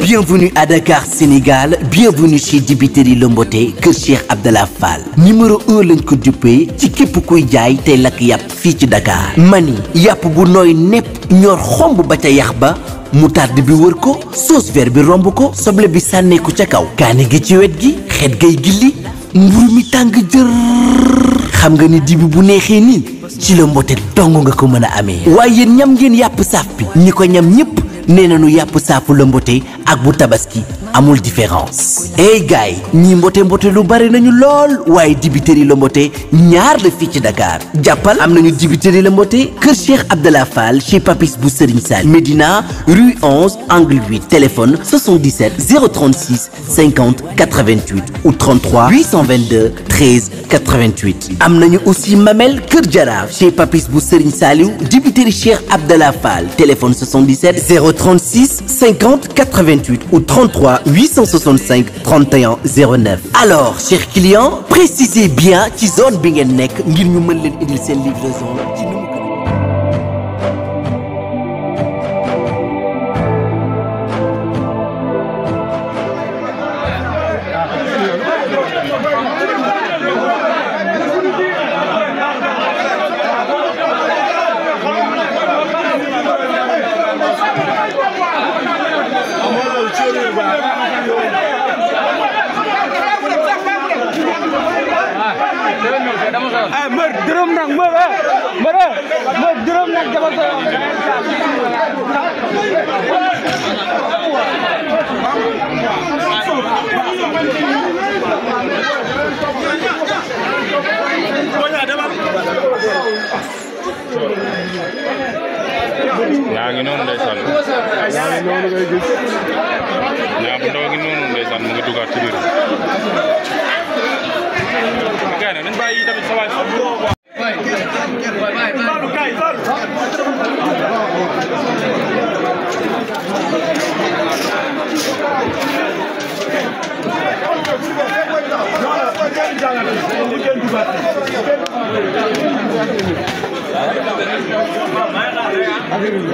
Bienvenue à Dakar Sénégal bienvenue chez Dibiteri Lomboté kër Cheikh Abdallah Fall numéro un lañ ko duppee ci képp kuy jaay tey lakk yàpp fii ci Dakar mani yàpp bu nooy nepp ñor xomb ba ca yax ba moutarde bi wër ko sauce vert bi romb ko soble bi sànneeku ca kaw kaani gi ci wet gi xet gay gilli mburu mi tàng jër xam nga ni dibi bu neexee nii ci la mbote nga ko mën a amee waaye yéen ñam ngeen yàpp saaf bi ñi ko ñam ñëpp nee na nañu yàpp saafu la ak bu tabaski amul différence ey eh, gaay ñi mbote mbote lu bari nañu lool waaye dibiteri la mbote ñaar la fii ci Dakar jàppal am nañu dibiteri la mbote kër Cheikh Abdallah Fall chez Papis bu Serigne Sall Médina rue 11 angle 8 téléphone 77 036 50 88 ou 33 822 13 88 am nañu aussi Mamel Kër Jaraaf chez Papis bu Serigne Saliou dibiteri Cheikh Abdallah Fall téléphone 77 036 50 88 ou 33 865 31 09 alors chers clients précisez bien ci zone bi ngeen nekk ngir ñu mën leen indil seen livraison baa ngi noonu ndeysaan baa ngi noonu ngay gis ñaa bu ndaw ngi noonu ndeysaan mu ngi dugaat ci biir.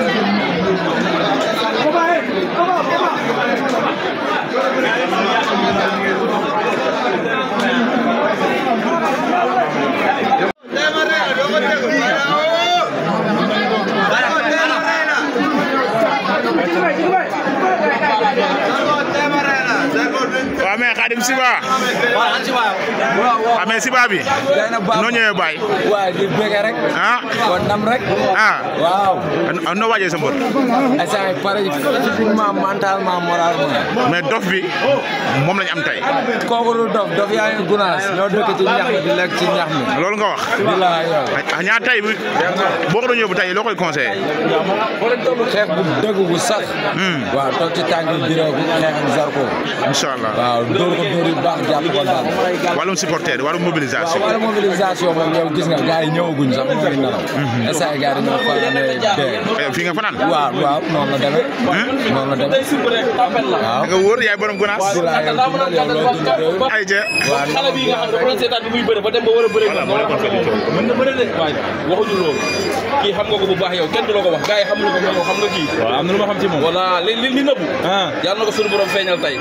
waa mais Khadim Siba génnee si baa bi. noo ñëwee baay. waaw di bëgg rek. ah kon ndam rek. ah waaw. noo waajee sa mbër. instant yii pare physiquement mentalement moralement. dof bi moom lañ am tey. kooku lu dof yaa ngi gunaas ñoo dëkk ci ñax mi di lekk ci ñax mi. loolu nga wax. di la yow. ñaar bi boo ko doon yóbbu tey loo koy conseillé. xeex hmm. waaw toog ci tànk yi biroo bu xeex ak Zarko. incha allah waaw dóor ko dóor yu baax jàpp ko daal. wàllum supporter wàllum mobilisation. waaw wàllu mobilisation moom yow gis nga gars yi ñëwaguñ sax moom la ñu naraw. instant yii gars yi ñoo fanaan eh, fii nga fanaan. waaw waaw noonu la demee. Hmm? noonu la demee waaw. nga wóor yaay borom gunaas. ay jë. waaw xale bi nga xam ne bu doon seetaan bi muy bëre ba dem ba war a bëre. voilà mën na bëre de. waaye waxuñu loolu kii xam nga ko bu baax yow kenn du la ko wax gars yi xamuñu ko xam nga kii. waaw am na lu ma xam ci moom. voilà li li nëbbu. Ah. yàlla na ko suñu borom feeñal tey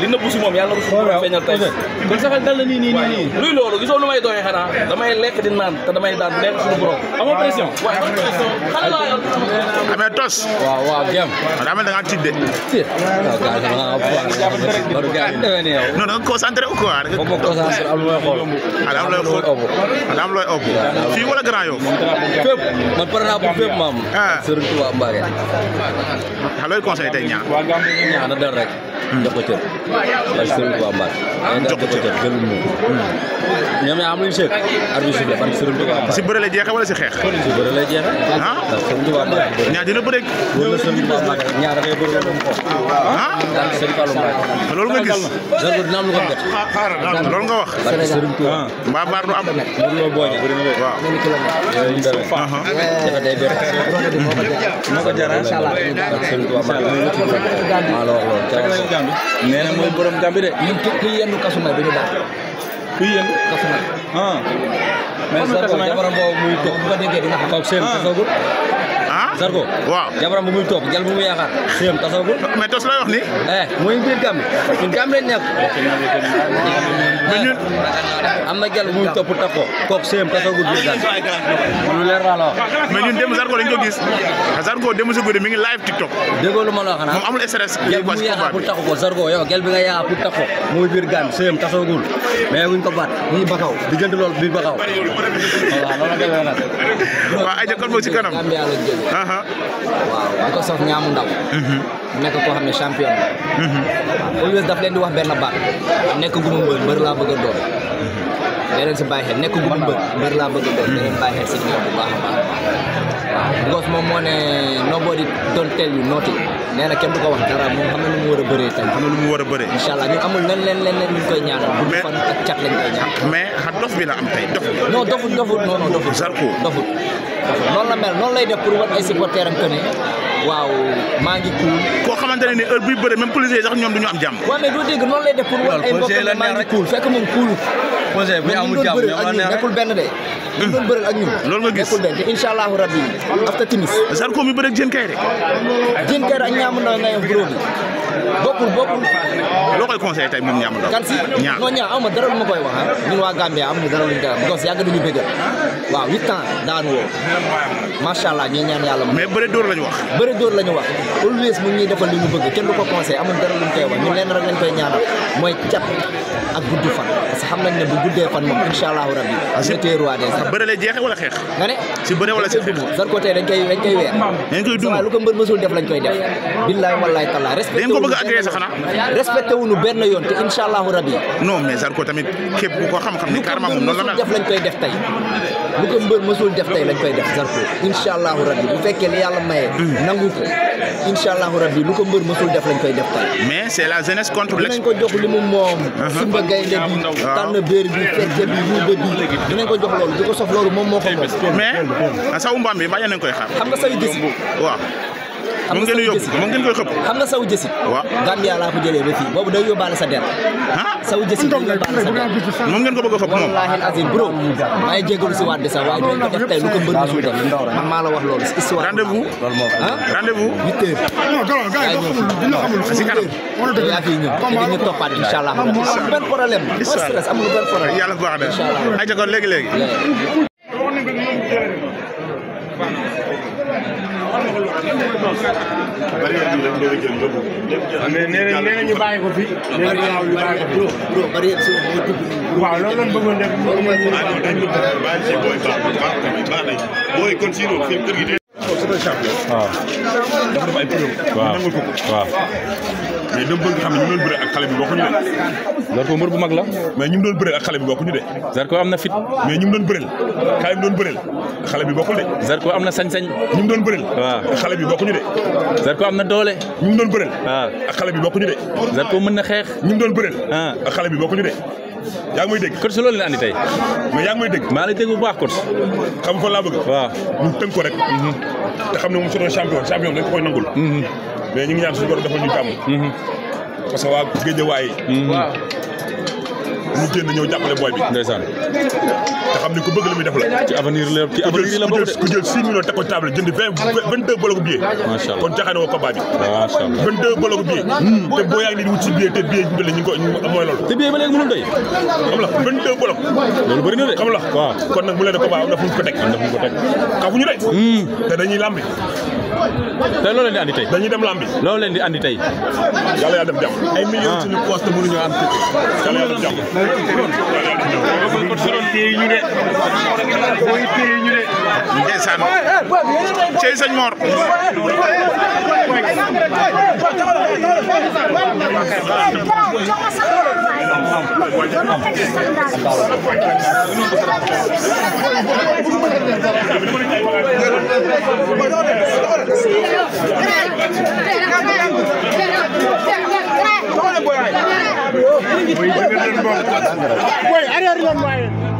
li nëbbu si moom yàlla na ko suñu borom feeñal tey. kon sax dal na nii nii nii luy loolu loolu gisoo nu may doxee xanaa damay lekk di naan te damay daan nekk suñu borom. amoo pression waaye amoo pression xale laa yor. amee tos. waaw waaw jéem. daa mel da ngaa tiit de. tiit waaw gars yi dama la gars yi demee nii yow. non da nga concentré ou quoi. da nga concentré am looy xool. am looy xool am looy ëpp. fii wala grand yow. fépp man pare naa pour fépp maam. Ah. Serigne Touba Mbacké. Ah, xalooy conseil tey ñaan. ñaan dal rek. Hmm. jox ko cër. parce que Serigne Touba Mbacke. jox ko cër jëlul moom. ñoom ñaar am nañu seet. arbitre bi parce que Serigne Touba Mbacke. si bëre lay jeexee wala si xeex. si bëre lay jeexee. ah parce que Serigne Touba Mbacke. ñaar dina bëre. wala Serigne Touba Mbacke ñaar da ngay bëre moom ko. ah, ah? daal Serigne Fallou Mbacke. Ah, loolu nga gis. Zarko dina am lu ko bett. ah xaaral loolu nga wax. parce que Serigne Touba. Ah. mbaa mbaar Gambi. nee na mooy borom Gambi de. ñun kuy yendu kasu may bi ñu daan. kuy yendu kasu may. borom boobu muy toog bu ko déggee di nga xam. toog seen ah. sargo waaw jabaram bu muy toog jal bu muy yaakaar sëyam tasagul mais tos lay wax ni eh mooy biir Gàmbi ñun Gàmbi lañ nekk ñun eh, am na jal bu muy topp takko kooku sëyam tasagul biir Gàmbi lu leer laa la wax mais ñun dem Zarko lañ ko gis Zarko dem si guddi mi ngi live TikTok déggoo lu ma la wax xanaa moom amul stress jal bu muy yaakaar pour takko ko Zarko yow jal bi nga yaakaar pour takko mooy biir Gàmbi sëyam tasagul mais wuñ ko baat muy bakaw diggante loolu biir bakaw waaw loolu la demee nag waaw di ko sof ñaamu ndaw mu mhm. nekk koo xam ne champion la mhm. au daf leen di wax benn baat nekk guma mbër bari laa bëgg a doon da si bàyyi xel nekk guma mbër mbër laa bëgg a doon mhm. da leen bàyyi xel a baax waaw because moo ne nobody don't tell you nothing nee na kenn du ko wax dara moom xam lu mu war a bëree tey xam na lu mu war a bëree incha allah ñun amul len len len len ñu koy ñaanal bu fan ak cat lañ koy ñaan mais xa dof bi la am tey dof non dofut dofut non non dofut Zarko dofut noonu la mel noonu lay def pour wan ay supporters am que waaw maa ngi cool. koo xamante ne heure buy bëre même policiers yi sax ñoom du ñu am jàmm. waaw mais doo dégg noonu lay def pour ay mbokk ne maa ngi cool fekk moom coolut. projet benn de. ñu doon bëreel ak ñun. loolu nga gis nekkul benn te incha allahu rabbi after timis. Zarko mi bëre ak Diène Kairé. Diène Kairé ak ñaamu ndaw nga bokkul bokkul. loo koy conseillé tey moom Ndiamou Ndaw. ma dara lu ma koy wax ah. ñun waa Gambia amuñu dara luñu koy wax Ngoz yàgg nañu bëgg waaw huit ans daanu woo. macha allah ñuy ñaan yàlla. mais bëri dóor la ñu wax. bëri dóor la wax always mu ñuy defal li ñu bëgg kenn du ko conseillé amul dara luñu koy wax ñun leen rek lañ koy ñaanal mooy cat ak gudd fan parce que xam nañ ne bu guddee fan moom incha allahu rabbi. dina ah, téye roi des arènes. bëre lay jeexee ko mbër bëgg a agressé xanaa. respecté wu ñu benn yoon te incha allahu rabi. non ko xam-xam ni carrément moom noonu lañ koy def tey lu ko mbër mësul def tey lañ koy def Zarko incha allahu rabi bu fekkee ni yàlla maye. Hmm. nangu ko incha allahu rabi lu ko mbër mësul def lañ koy def tey. mais c'est la jeunesse contre l'ex. dinañ ko jox li mu moom. Uh-huh. sumba gaynde bi na béer bi fecce bi ruube bi dinañ ko jox loolu di ko sof loolu moom moo ko moom. mais sawu mbaam bi mbaa nañ koy xaar. xam nga say gis waaw. mu ngeen yóbbu mu ngeen koy xëpp xam nga saw jësit waaw Gambia laa ko jëlee ba fii boobu day yóbbaale sa der saw jësit day yóbbaale sa der moom ngeen ko bëgg a xëpp moom wallaahi azim bro maay jégalu si waat bi sax waaye dinañ ko def tey lu ko mbër musul def man maa la wax loolu si histoire rendez yaa fi ñëw te dañu toppaat ay ca léegi léegi bari na ñu doon jël yóbbu. mais nee na nee na ñu bàyyi ko fi. nee na ñu bàyyi ko fi. bari na si mooy dugg. waaw loolu lañ bëggoon def. Ah, bàyyi si booy baax baax baax nañ booy continué kër gi waaw dafa def ay preuve. waaw nangu ko ko. xam ne ñu doon bëre xale bi bokkuñu de. Zarko mbër bu mag la. mais ñu doon bëreel ak xale bi bokkuñu de. Zarko am na fit. mais ñu doon bëreel xale bi doon bëreel xale bi bokkul de. Zarko am na sañ-sañ. ñu doon bëreel. waaw xale bi bokkuñu de. Zarko am na doole. ñu doon bëreel. xale bi bokkuñu de. Zarko mën na xeex. ñu doon bëreel. ak xale bi bokkuñu de. yaa ngi may dégg coach loolu la andi tey mais yaa ngi may dégg maa lay dégg bu baax coach xam nga laa bëgg waaw ñu tënk ko rek te xam ne moom c'est un champion champion dañ ko koy nangul. Mm-hmm. mais ñu ngi ñaan suñu borom defal ñu jàmm. Mm-hmm. parce que waa Guédiawaye. Mm-hmm. waaw ñu génn ñëw jàppale booy bi ndeysaan te xam ne ku bëgg la muy def la ci avenir la ci avenir la bokk ku jël six millions teg ko table jënd vingt hmm, te boo yaa ngi nii wut te billet bi la ñu ko loolu te billet ba léegi mënul doy xam la vingt deux bolok loolu bëri de xam kon nag mu leen ne combat am na fu ñu ko teg na fu ñu ko teg xamuñu hmm. te dañuy lambi te loolu leen di andi tey. dañuy dem lambi. loolu leen di andi tey. yàlla yàlla def jàmm. ay millions ah. ci ñu poste te mënuñoo am tëj. yàlla yàlla def jàmm. Wait, I don't know why.